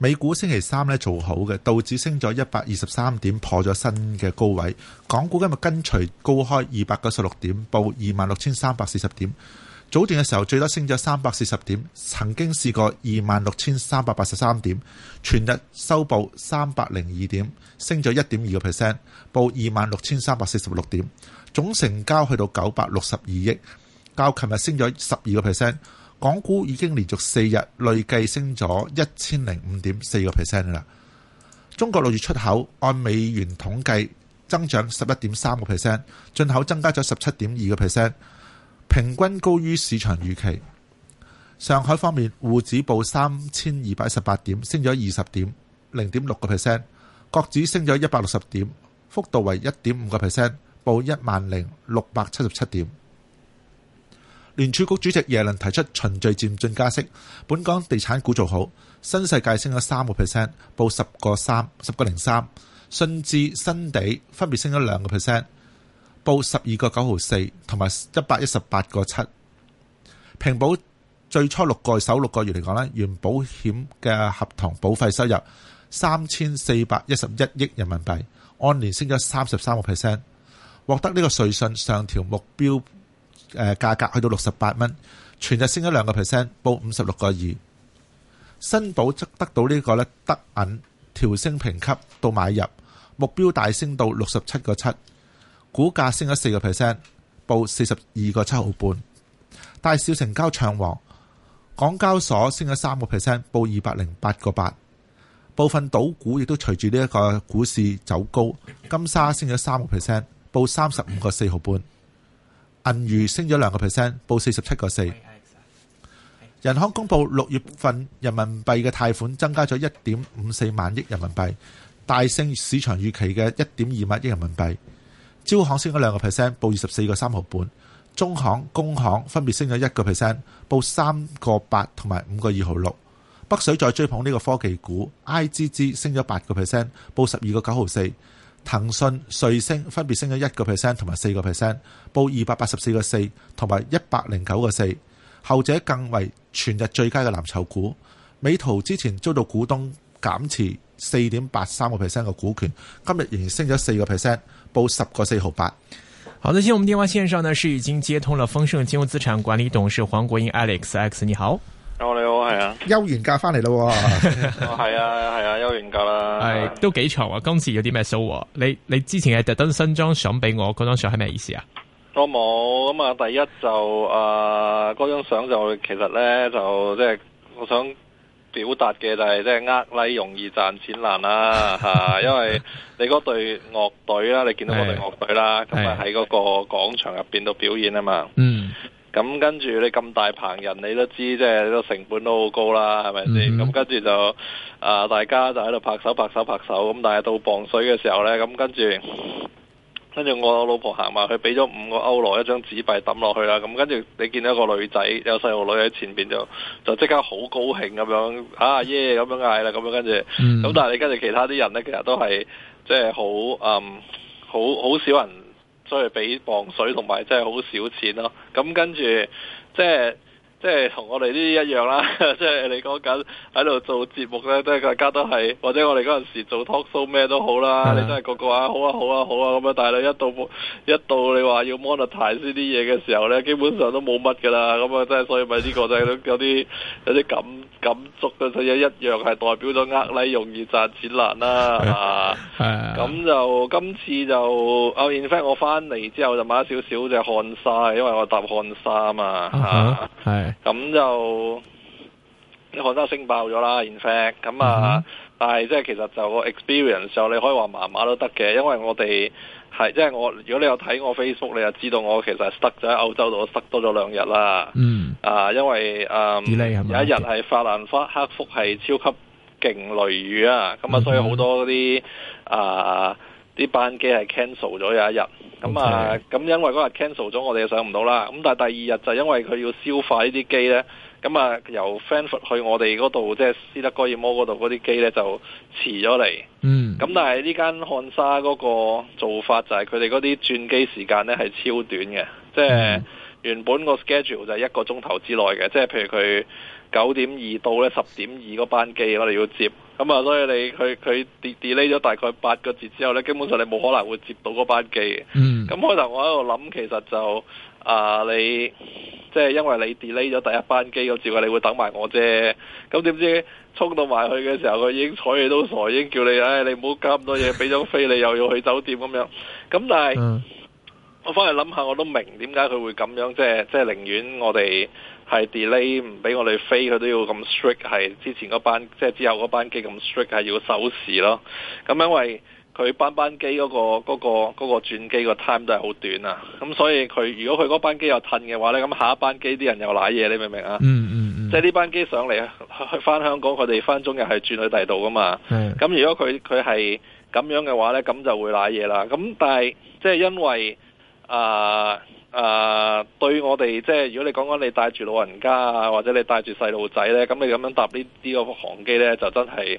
美股星期三咧做好嘅，道指升咗一百二十三點，破咗新嘅高位。港股今日跟隨高開二百九十六點，報二萬六千三百四十點。早段嘅時候最多升咗三百四十點，曾經試過二萬六千三百八十三點。全日收報三百零二點，升咗一點二個 percent，報二萬六千三百四十六點。總成交去到九百六十二億，較琴日升咗十二個 percent。港股已經連續四日累計升咗一千零五點四個 percent 啦。中國六月出口按美元統計增長十一點三個 percent，進口增加咗十七點二個 percent，平均高於市場預期。上海方面，滬指報三千二百一十八點，升咗二十點零點六個 percent，國指升咗一百六十點，幅度為一點五個 percent，報一萬零六百七十七點。聯儲局主席耶倫提出循序漸進加息，本港地產股做好，新世界升咗三個 percent，報十個三十個零三；信置新地分別升咗兩個 percent，報十二個九毫四同埋一百一十八個七。平保最初六個首六個月嚟講呢，原保險嘅合同保費收入三千四百一十一億人民幣，按年升咗三十三個 percent，獲得呢個瑞信上調目標。誒，價格去到六十八蚊，全日升咗兩個 percent，報五十六個二。新保則得到呢個咧，德銀調升評級到買入，目標大升到六十七個七，股價升咗四個 percent，報四十二個七毫半。大小成交暢旺，港交所升咗三個 percent，報二百零八個八。部分賭股亦都隨住呢一個股市走高，金沙升咗三個 percent，報三十五個四毫半。銀娛升咗兩個 percent，報四十七個四。人行公佈六月份人民幣嘅貸款增加咗一點五四萬億人民幣，大勝市場預期嘅一點二萬億人民幣。招行升咗兩個 percent，報二十四個三毫半。中行、工行分別升咗一個 percent，報三個八同埋五個二毫六。北水再追捧呢個科技股，IGG 升咗八個 percent，報十二個九毫四。騰訊、瑞聲分別升咗一個 percent 同埋四個 percent，報二百八十四個四同埋一百零九個四，後者更為全日最佳嘅藍籌股。美圖之前遭到股東減持四點八三個 percent 嘅股權，今日仍然升咗四個 percent，報十個四毫八。好，首先我們電話線上呢是已經接通了豐盛金融資產管理董事黃國英 Alex，Alex 你好，oh, 你好，你好，係啊，休完假翻嚟咯，係、 oh, 啊，係、啊。收完價啦，係都幾長啊！今次有啲咩數？你你之前係特登新張相俾我，嗰張相係咩意思啊？我冇咁啊！第一就誒，嗰張相就其實咧就即係我想表達嘅就係即係呃禮容易賺錢難啦吓，因為你嗰隊樂隊啦，你見到嗰隊樂隊啦，咁啊喺嗰個廣場入邊度表演啊嘛。嗯。咁跟住你咁大棚人，你都知即係個成本都好高啦，係咪先？咁、嗯、跟住就啊、呃，大家就喺度拍手拍手拍手。咁但係到磅水嘅時候咧，咁跟住跟住我老婆行埋去畀咗五個歐羅一張紙幣抌落去啦。咁跟住你見到個女仔有細路女喺前邊就就即刻好高興咁、啊 yeah, 樣啊耶咁樣嗌啦。咁樣跟住，咁、嗯嗯、但係你跟住其他啲人咧，其實都係即係好、嗯、好好少人。所以俾磅水同埋真係好少錢咯，咁跟住即係。即係同我哋呢啲一樣啦、啊，即係你講緊喺度做節目咧，即係大家都係，或者我哋嗰陣時做 talk show 咩都好啦，Yeah. 你都係個個話好啊好啊好啊咁樣，但係你一到一到你話要 monetize 啲嘢嘅時候咧，基本上都冇乜噶啦，咁啊即係所以咪呢個就係有啲 有啲感感觸嘅嘢一樣係代表咗呃 like 容易賺錢難啦嚇，咁就今次就，oh，in fact 我翻嚟之後就買咗少少隻汗衫，因為我搭汗衫啊嚇，係。 咁就喺杭州升爆咗啦，in fact，咁啊，嗯、哼但係即係其實就個 experience 就你可以話麻麻都得嘅，因為我哋係即係我，如果你有睇我 Facebook，你就知道我其實係塞咗喺歐洲度，塞多咗兩日啦。嗯，啊，因為啊、嗯、有一日係法蘭克福係超級勁雷雨啊，咁啊，所以好多嗰啲、嗯、哼啊。啲班機係 cancel 咗有一日咁啊，咁因為嗰日 cancel 咗，我哋就上唔到啦。咁但係第二日就因為佢要消化呢啲機呢，咁啊由 Frankfurt 去我哋嗰度，即係斯德哥爾摩嗰度嗰啲機呢，就遲咗嚟。嗯，咁但係呢間漢莎嗰個做法就係佢哋嗰啲轉機時間呢係超短嘅，即係原本個 schedule 就係一個鐘頭之內嘅，即係譬如佢。九點二到咧十點二嗰班機，我哋要接，咁啊，所以你佢佢 de delay 咗大概八個字之後咧，基本上你冇可能會接到嗰班機。嗯，咁開頭我喺度諗，其實就啊，你即係、就是、因為你 delay 咗第一班機嗰字啊，你會等埋我啫。咁點知衝到埋去嘅時候，佢已經睬你都傻，已經叫你唉、哎，你唔好加咁多嘢，俾咗飛你又要去酒店咁樣。咁但係、嗯、我翻嚟諗下，我都明點解佢會咁樣，即係即係寧願我哋。係 delay 唔俾我哋飛，佢都要咁 strict。係之前嗰班，即係之後嗰班機咁 strict，係要守時咯。咁、嗯、因為佢班班機嗰個、嗰個、嗰個轉機個 time 都係好短啊。咁、嗯、所以佢如果佢嗰班機又褪嘅話咧，咁下一班機啲人又瀨嘢，你明唔明啊？嗯嗯嗯。即係呢班機上嚟去翻香港，佢哋翻中日係轉去第二度噶嘛。咁、mm. 嗯、如果佢佢係咁樣嘅話咧，咁就會瀨嘢啦。咁、嗯、但係即係因為。啊啊！Uh, uh, 對我哋即係如果你講講你帶住老人家啊，或者你帶住細路仔咧，咁你咁樣搭、這個、呢啲個航機咧，就真係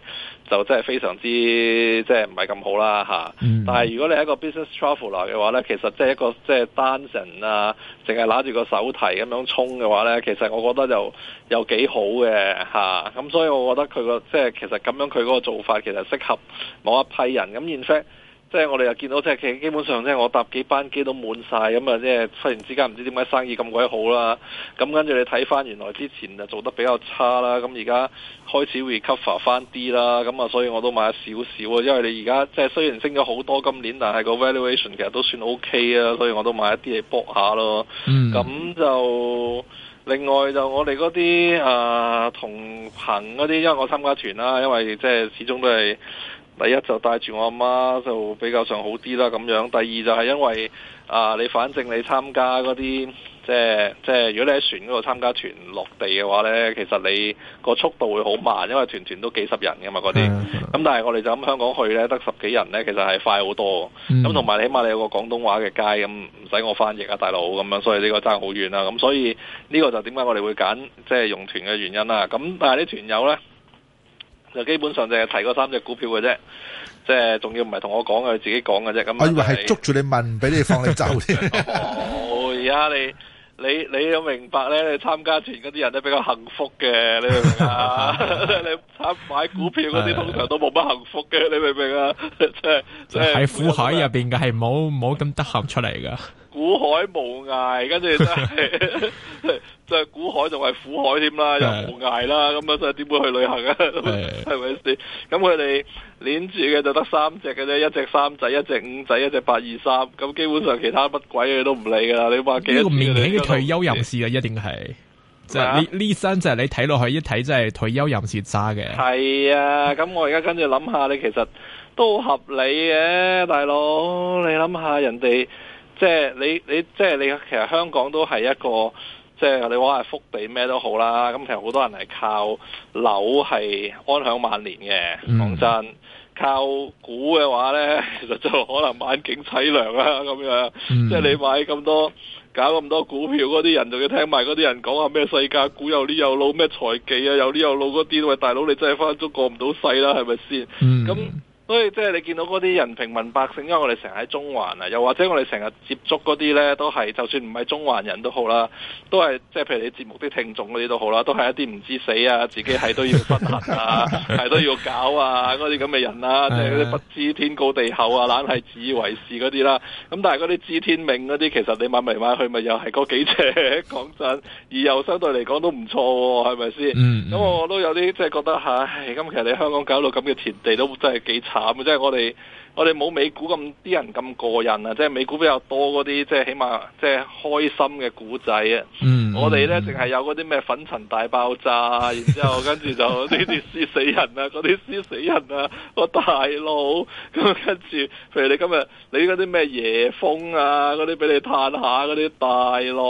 就真係非常之即係唔係咁好啦嚇。啊 mm. 但係如果你係一個 business traveler 嘅話咧，其實即係一個即係、就是、單人啊，淨係攞住個手提咁樣衝嘅話咧，其實我覺得就又又幾好嘅嚇。咁、啊、所以我覺得佢個即係其實咁樣佢嗰個做法其實適合某一批人咁，in fact。即係我哋又見到，即係其實基本上即咧，我搭幾班機都滿晒。咁啊！即係忽然之間唔知點解生意咁鬼好啦，咁跟住你睇翻原來之前就做得比較差啦，咁而家開始 recover 翻啲啦，咁啊所以我都買少少啊，因為你而家即係雖然升咗好多今年，但係個 valuation 其實都算 OK 啊，所以我都買一啲嘢 b o 博下咯。咁、mm. 就另外就我哋嗰啲啊同行嗰啲，因為我參加團啦，因為即係始終都係。第一就帶住我阿媽就比較上好啲啦咁樣，第二就係、是、因為啊、呃，你反正你參加嗰啲即係即係，如果你喺船嗰度參加團落地嘅話呢，其實你個速度會好慢，因為團團都幾十人㗎嘛嗰啲。咁、嗯、但係我哋就咁香港去呢，得十幾人呢，其實係快好多。咁同埋起碼你有個廣東話嘅街咁，唔使我翻譯啊大佬咁樣，所以呢個爭好遠啦、啊。咁所以呢、這個就點解我哋會揀即係用團嘅原因啦、啊。咁但係啲團友呢，就基本上就係提嗰三隻股票嘅啫，即係仲要唔係同我講嘅，自己講嘅啫。咁我以為係捉住你問，唔俾你放你走添 而家你你你都明白咧，你參加前嗰啲人都比較幸福嘅，你明唔明啊？ 你參買股票嗰啲通常都冇乜幸福嘅，你明唔明啊？即係即係喺苦海入邊嘅，係冇冇咁得閒出嚟噶。古海無涯，跟住真係 就係古海，仲係苦海添啦，又無涯啦，咁樣真係點會去旅行啊？係咪先？咁佢哋連住嘅就得三隻嘅啫，一隻三仔，一隻五仔，一隻八二三。咁基本上其他乜鬼嘢都唔理噶啦。你話幾個明顯嘅退休人士啊，一定係即係呢呢三隻你睇落去一睇，一睇真係退休人士渣嘅。係啊，咁我而家跟住諗下，你其實都合理嘅，大佬，你諗下人哋。即係你你即係你其實香港都係一個即係你話係福地咩都好啦，咁其實好多人係靠樓係安享萬年嘅講、嗯、真，靠股嘅話咧，其實就可能晚景凄涼啦、啊、咁樣。嗯、即係你買咁多搞咁多股票嗰啲人，就要聽埋嗰啲人講話咩世界股有啲有腦咩財技啊，有啲有腦嗰啲，喂，大佬你真係翻足過唔到世啦，係咪先？咁。嗯嗯所以即係你見到嗰啲人平民百姓，因為我哋成日喺中環啊，又或者我哋成日接觸嗰啲咧，都係就算唔係中環人都好啦，都係即係譬如你節目啲聽眾嗰啲都好啦，都係一啲唔知死啊，自己係都要失衡啊，係 都要搞啊，嗰啲咁嘅人啦、啊， 即係啲不知天高地厚啊，懶係自以為是嗰啲啦。咁但係嗰啲知天命嗰啲，其實你買嚟買去，咪又係嗰幾隻講真，而又相對嚟講都唔錯、啊，係咪先？咁、嗯、我，我都有啲即係覺得吓，咁其實你香港搞到咁嘅田地，都真係幾慘。 即係我哋，我哋冇美股咁啲人咁過癮啊！即係美股比較多嗰啲，即係起碼即係開心嘅古仔啊！ 我哋咧淨係有嗰啲咩粉塵大爆炸，然之後跟住就呢啲輸死人啊，嗰啲輸死人啊，個大佬咁跟住，譬如你今日你嗰啲咩夜風啊，嗰啲俾你嘆下嗰啲大佬，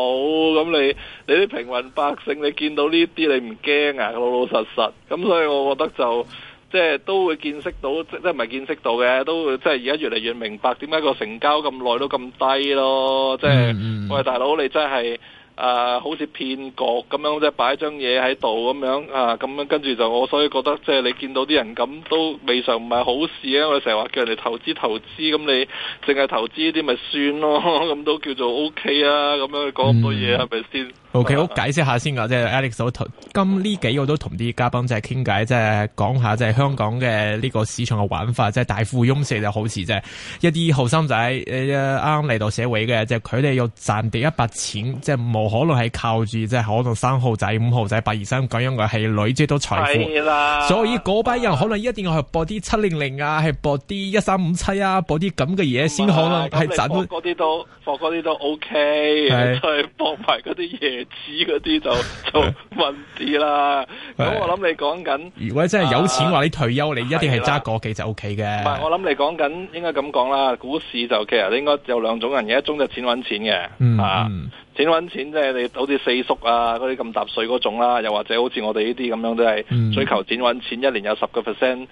咁你你啲平民百姓，你見到呢啲你唔驚啊？老老實實咁，所以我覺得就。即係都會見識到，即係唔係見識到嘅，都會即係而家越嚟越明白點解個成交咁耐都咁低咯。即係、嗯、喂，大佬你真係啊、呃，好似騙局咁樣，即係擺張嘢喺度咁樣啊，咁樣跟住就我所以覺得即係你見到啲人咁都未嘗唔係好事啊！我哋成日話叫人哋投資投資，咁你淨係投資啲咪算咯？咁都叫做 OK 啊？咁樣講咁多嘢係咪先？O K，好解釋下先噶，即係 Alex 我同今呢幾個都同啲嘉賓即係傾偈，即係講下即係香港嘅呢個市場嘅玩法，即係大富翁四就好似，即係一啲後生仔誒啱嚟到社會嘅，即係佢哋要賺第一筆錢，即係冇可能係靠住即係可能三號仔、五號仔、八二三咁樣嘅係累積到財富。係啦，所以嗰班人可能一定要去博啲七零零啊，係博啲一三五七啊，博啲咁嘅嘢先可能係賺到。嗰啲都博，嗰啲都 O K，去博埋嗰啲嘢。知嗰啲就就混啲啦。咁 我諗你講緊，如果真係有錢話，啊、你退休你一定係揸個幾就 O K 嘅。唔係、啊，我諗你講緊應該咁講啦。股市就其實應該有兩種人嘅，一種就錢揾錢嘅，嗯、啊，錢揾錢即係你好似四叔啊，嗰啲咁疊水嗰種啦，又或者好似我哋呢啲咁樣都係追求錢揾錢，一年有十個 percent。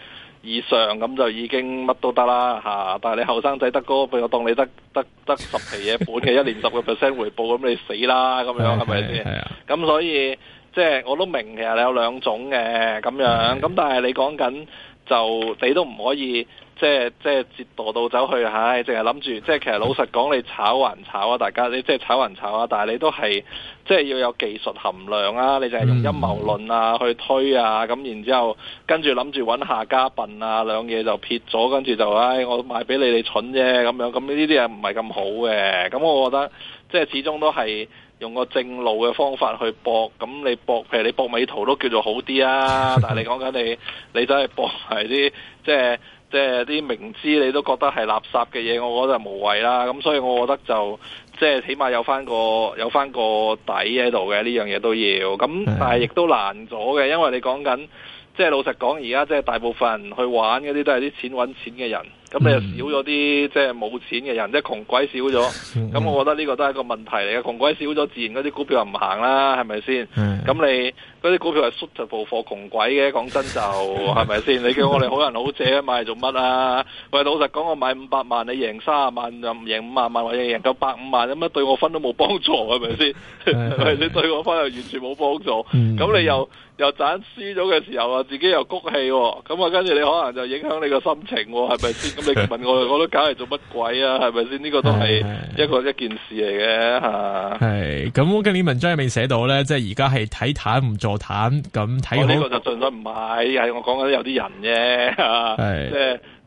以上咁就已經乜都得啦吓。但係你後生仔得個，譬如我當你得得得十期嘢本嘅一年十個 percent 回報咁 你死啦咁樣係咪先？係啊， 咁 所以即係、就是、我都明，其實你有兩種嘅咁樣。咁 但係你講緊。就你都唔可以，即係即係折墮到走去唉，淨係諗住，即係其實老實講，你炒還炒啊，大家你即係炒還炒啊，但係你都係即係要有技術含量啊，你淨係用陰謀論啊去推啊，咁然之後跟住諗住揾下家笨啊，兩嘢就撇咗，跟住就唉、哎，我賣俾你，你蠢啫咁樣，咁呢啲嘢唔係咁好嘅，咁我覺得即係始終都係。用個正路嘅方法去博，咁你博，譬如你博美圖都叫做好啲啊。 但係你講緊你，你真係博係啲，即係即係啲明知你都覺得係垃圾嘅嘢，我覺得無謂啦。咁所以我覺得就即係起碼有翻個有翻個底喺度嘅呢樣嘢都要。咁 但係亦都難咗嘅，因為你講緊即係老實講，而家即係大部分人去玩嗰啲都係啲錢揾錢嘅人。咁、嗯、你又少咗啲即係冇錢嘅人，即係窮鬼少咗。咁我覺得呢個都係個問題嚟嘅，窮鬼少咗，自然嗰啲股票又唔行啦，係咪先？咁的你嗰啲股票係縮咗部貨，窮鬼嘅，講真就係咪先？你叫我哋好人好姐買嚟做乜啊？喂，老實講，我買五百萬，你贏三十萬又唔贏五百萬，或者贏夠百五萬，咁樣對我分都冇幫助，係咪先？係咪的 對我分又完全冇幫助。咁的、嗯、你又又盞輸咗嘅時候啊，自己又谷氣，咁啊，跟住你可能就影響你個心情，係咪先？咁 你問我，我都搞嚟做乜鬼啊？係咪先？呢個都係一個一件事嚟嘅吓。係咁，今、嗯、年文章未寫到咧，即係而家係睇淡唔坐淡咁睇。呢、那個 就純粹唔買，係我講緊有啲人啫，吓，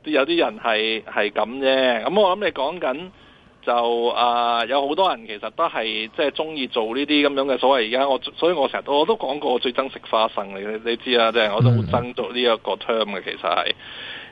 即係有啲人係係咁啫。咁我諗你講緊就啊，有好多人其實都係即係中意做呢啲咁樣嘅所謂而家我，所以我成日我都講過我最憎食花生嘅，你知啊？即、就、係、是、我都好憎做呢一個 term 嘅，其實係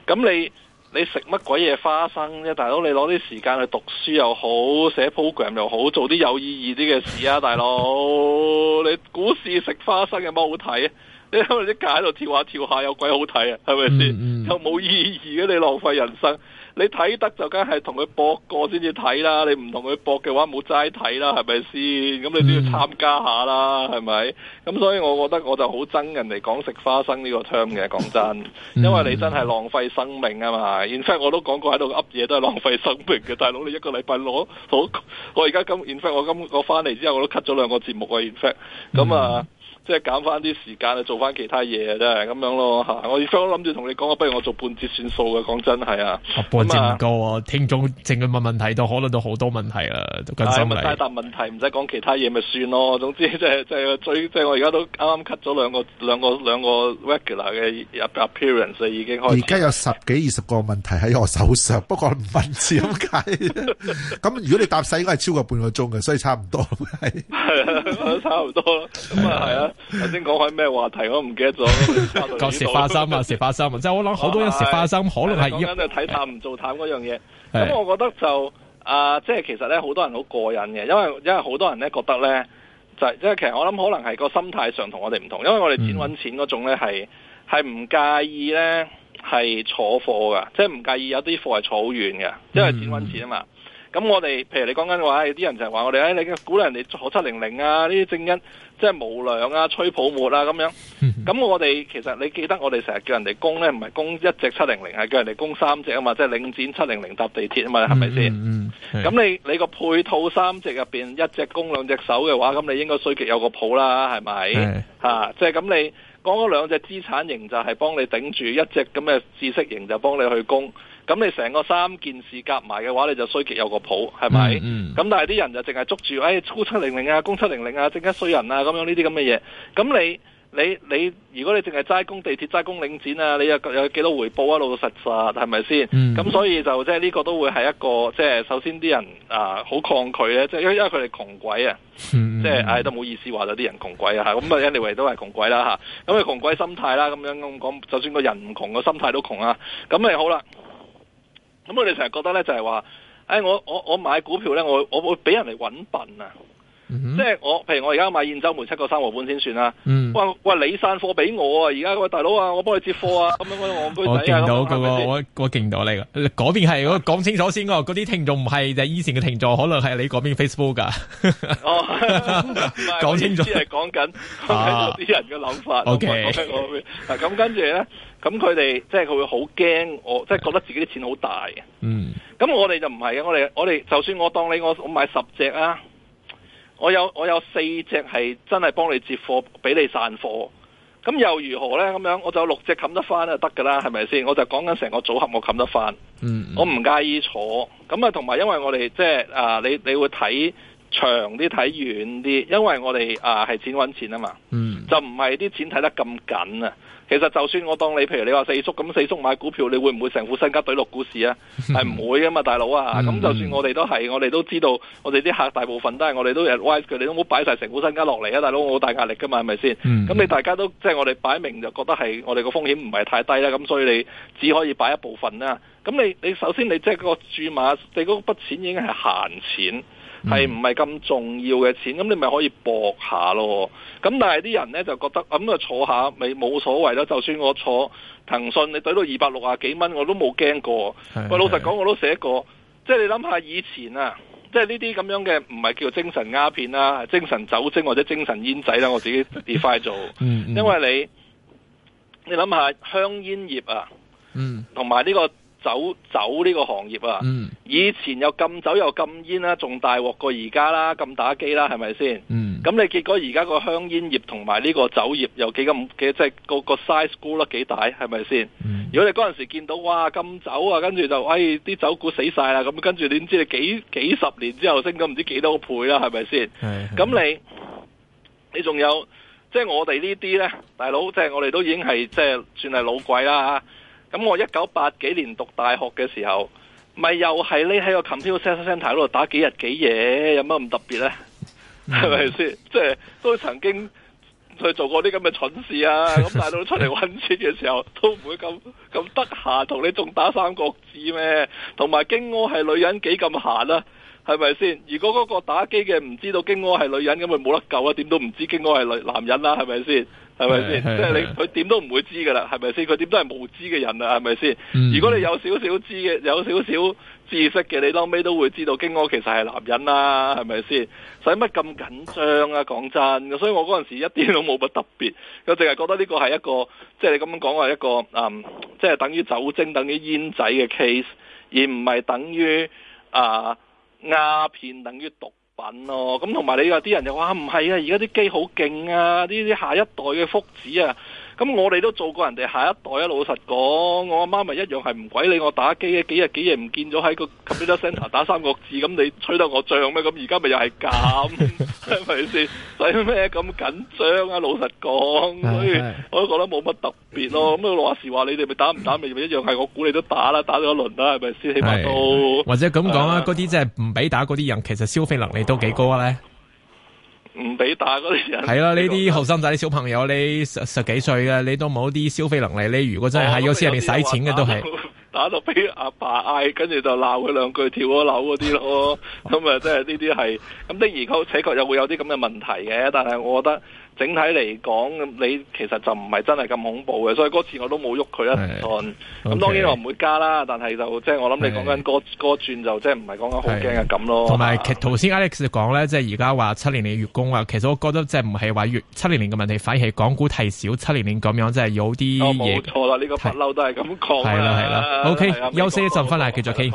咁你。你食乜鬼嘢花生啫，啊，大佬！你攞啲時間去讀書又好，寫 program 又好，做啲有意義啲嘅事啊，大佬！你股市食花生有乜好睇啊？你睇到啲價喺度跳下跳下，有鬼好睇啊？係咪先？又冇、mm hmm. 意義嘅、啊，你浪費人生。你睇得就梗係同佢搏過先至睇啦，你唔同佢搏嘅話冇齋睇啦，係咪先？咁你都要參加下啦，係咪、嗯？咁所以我覺得我就好憎人哋講食花生呢個 term 嘅，講真，因為你真係浪費生命啊嘛。In fact，我都講過喺度噏嘢都係浪費生命嘅，大佬你一個禮拜攞好，我而家今，in fact，我今我翻嚟之後我都 cut 咗兩個節目啊，in fact，咁啊。嗯嗯即係減翻啲時間去做翻其他嘢啊，真係咁樣咯吓！我而家我諗住同你講，不如我做半節算數嘅，講真係啊，半節唔夠啊！聽眾淨係問問題，都可能都好多問題啊，都跟、哎、答問題唔使講其他嘢咪算咯？總之即係即係最即係、就是、我而家都啱啱 cut 咗兩個兩個兩個 regular 嘅 appearance 已經開而家有十幾二十個問題喺我手上，不過唔分次咁解，咁 如果你答晒應該係超過半個鐘嘅，所以差唔多係。係 啊，差唔多咯。咁啊係啊。頭先講開咩話題我唔記得咗，講蝕花心啊，蝕花心即係我諗好多人蝕花心，可能係講緊就睇淡唔做淡嗰樣嘢。咁我覺得就啊，即係其實咧，好多人好過癮嘅，因為因為好多人咧覺得咧，就係，即係其實我諗可能係個心態上同我哋唔同，因為我哋錢揾錢嗰種咧係係唔介意咧係坐貨噶，即係唔介意有啲貨係坐好遠嘅，因為錢揾錢啊嘛。咁我哋，譬如你講緊嘅話，有啲人就係話我哋，哎，你鼓勵人哋坐七零零啊，呢啲正因即係無良啊，吹泡沫啊咁樣。咁 我哋其實你記得我哋成日叫人哋供咧，唔係供一隻七零零，係叫人哋供三隻啊嘛，即係領展七零零搭地鐵啊嘛，係咪先？咁吧、嗯嗯、你你個配套三隻入邊一隻供兩隻手嘅話，咁你應該衰極有個譜啦，係咪？嚇是、啊，即係咁你講嗰兩隻資產型就係幫你頂住一隻，咁嘅知識型就幫你去供。咁你成個三件事夾埋嘅話，你就衰極有個譜，係咪？咁但係啲人就淨係捉住，哎，公七零零啊，公七零零啊，正一衰人啊，咁樣呢啲咁嘅嘢。咁你你你，如果你淨係齋供地鐵、齋供領展啊，你有有幾多回報啊？老老實實係咪先？咁所以就即係呢個都會係一個即係首先啲人啊，好抗拒咧，即係因因為佢哋窮鬼啊，即係唉都唔好意思話有啲人窮鬼啊嚇，咁啊，anyway 都係窮鬼啦嚇，咁啊窮鬼心態啦，咁樣咁講，就算個人唔窮，個心態都窮啊。咁咪好啦。咁我哋成日覺得咧，就係話：誒我我我買股票咧，我我會俾人哋揾笨啊！即係我，譬如我而家買燕州梅七個三毫半先算啦。嗯，喂喂，你散貨俾我啊！而家喂大佬啊，我幫你接貨啊！咁樣我戇居仔我見到佢，我勁到你噶。嗰邊係我講清楚先。嗰啲聽眾唔係就以前嘅聽眾，可能係你嗰邊 Facebook 噶。哦，講清楚，我只係講緊啊，啲人嘅諗法。O K，咁跟住咧，咁佢哋即係佢會好驚，我即係覺得自己啲錢好大嘅。嗯，咁我哋就唔係嘅，我哋我哋就算我當你我我買十隻啊。我有我有四隻係真係幫你接貨俾你散貨，咁又如何呢？咁樣我就六隻冚得翻就得噶啦，係咪先？我就講緊成個組合我冚得翻。嗯，嗯，我唔介意坐。咁啊，同埋因為我哋即係啊，你你會睇長啲睇遠啲，因為我哋啊係錢揾錢啊嘛。嗯，就唔係啲錢睇得咁緊啊。其實就算我當你，譬如你話四叔咁，四叔買股票，你會唔會成副身家懟落股市啊？係唔會噶嘛，大佬啊！咁 就算我哋都係，我哋都知道，我哋啲客大部分都係，我哋都係 wise，佢哋都冇擺晒成副身家落嚟啊，大佬，我好大壓力噶嘛，係咪先？咁 你大家都即係我哋擺明就覺得係我哋個風險唔係太低啦，咁所以你只可以擺一部分啦、啊。咁你你首先你即係個注碼，你嗰筆錢已經係閒錢。係唔係咁重要嘅錢？咁你咪可以搏下咯。咁但係啲人呢，就覺得咁啊、嗯、坐下咪冇所謂啦。就算我坐騰訊，你懟到二百六啊幾蚊，我都冇驚過。喂是，老實講，我都寫過，即係你諗下以前啊，即係呢啲咁樣嘅唔係叫精神鴉片啦，精神酒精或者精神煙仔啦， 我自己 define 做。嗯。嗯因為你你諗下香煙業啊，同埋呢個。酒酒呢個行業啊，嗯、以前又禁酒又禁煙啦、啊，仲大鑊過而家啦，禁打機啦、啊，係咪先？咁、嗯、你結果而家個香煙業同埋呢個酒業又幾咁嘅，即係個個 size 高啦，幾大係咪先？是是嗯、如果你嗰陣時見到哇禁酒啊，跟住就哎啲酒股死晒啦，咁跟住點知你幾幾十年之後升咗唔知幾多倍啦，係咪先？咁你你仲有即係我哋呢啲咧，大佬即係我哋都已經係即係算係老鬼啦。啊咁我一九八幾年讀大學嘅時候，咪又係匿喺個 computer center 度打幾日幾夜，有乜咁特別呢？係咪先？即係都曾經去做過啲咁嘅蠢事啊！咁大佬出嚟揾錢嘅時候，都唔會咁咁得閒同你仲打三國志咩？同埋京哥係女人幾咁閒啊？係咪先？如果嗰個打機嘅唔知道荊軻係女人，咁佢冇得救啊！點都唔知荊軻係男男人啦，係咪先？係咪先？是是是即係你佢點都唔會知噶啦，係咪先？佢點都係無知嘅人啦，係咪先？嗯、如果你有少少知嘅，有少少知識嘅，你後尾都會知道荊軻其實係男人啦，係咪先？使乜咁緊張啊？講真，所以我嗰陣時一啲都冇乜特別，我淨係覺得呢個係一個，即、就、係、是、你咁樣講話一個，即、嗯、係、就是、等於酒精等於煙仔嘅 case，而唔係等於啊。呃鴉片等於毒品咯、啊，咁同埋你有啲人就話唔係啊，而家啲機好勁啊，呢啲、啊、下一代嘅福祉啊。咁我哋都做過人哋下一代啊！老實講，我阿媽咪一樣係唔鬼理我打機嘅，幾日幾夜唔見咗喺個 computer centre 打三個字，咁 你吹得我漲咩？咁而家咪又係咁，係咪先？使咩咁緊張啊？老實講， 所以我都覺得冇乜特別咯、啊。咁啊話時話你哋咪打唔打咪 一樣係我估你都打啦，打咗一輪啦、啊，係咪先？起碼都 或者咁講啦，嗰啲即係唔俾打嗰啲人，其實消費能力都幾高咧。 唔俾打嗰啲人，係啦呢啲後生仔、就是、小朋友，你十十幾歲嘅，你都冇啲消費能力。你如果真係喺個市入面使錢嘅，都係打到俾阿爸嗌，跟住就鬧佢兩句，跳咗樓嗰啲咯。咁啊、哦，真係呢啲係咁，嗯、的而且確又會有啲咁嘅問題嘅。但係我覺得。整體嚟講，你其實就唔係真係咁恐怖嘅，所以嗰次我都冇喐佢一寸。咁、okay, 當然我唔會加啦，但係就即係我諗你講緊嗰個轉是就即係唔係講緊好驚呀咁咯。同埋，頭先 Alex 講咧，即係而家話七年年月供啊，其實我覺得即係唔係話月七年年嘅問題，反而係港股太少七年年咁樣，即、就、係、是、有啲嘢。錯啦、哦，呢、這個不嬲都係咁講。係啦係啦，OK，休息一陣翻嚟繼續傾。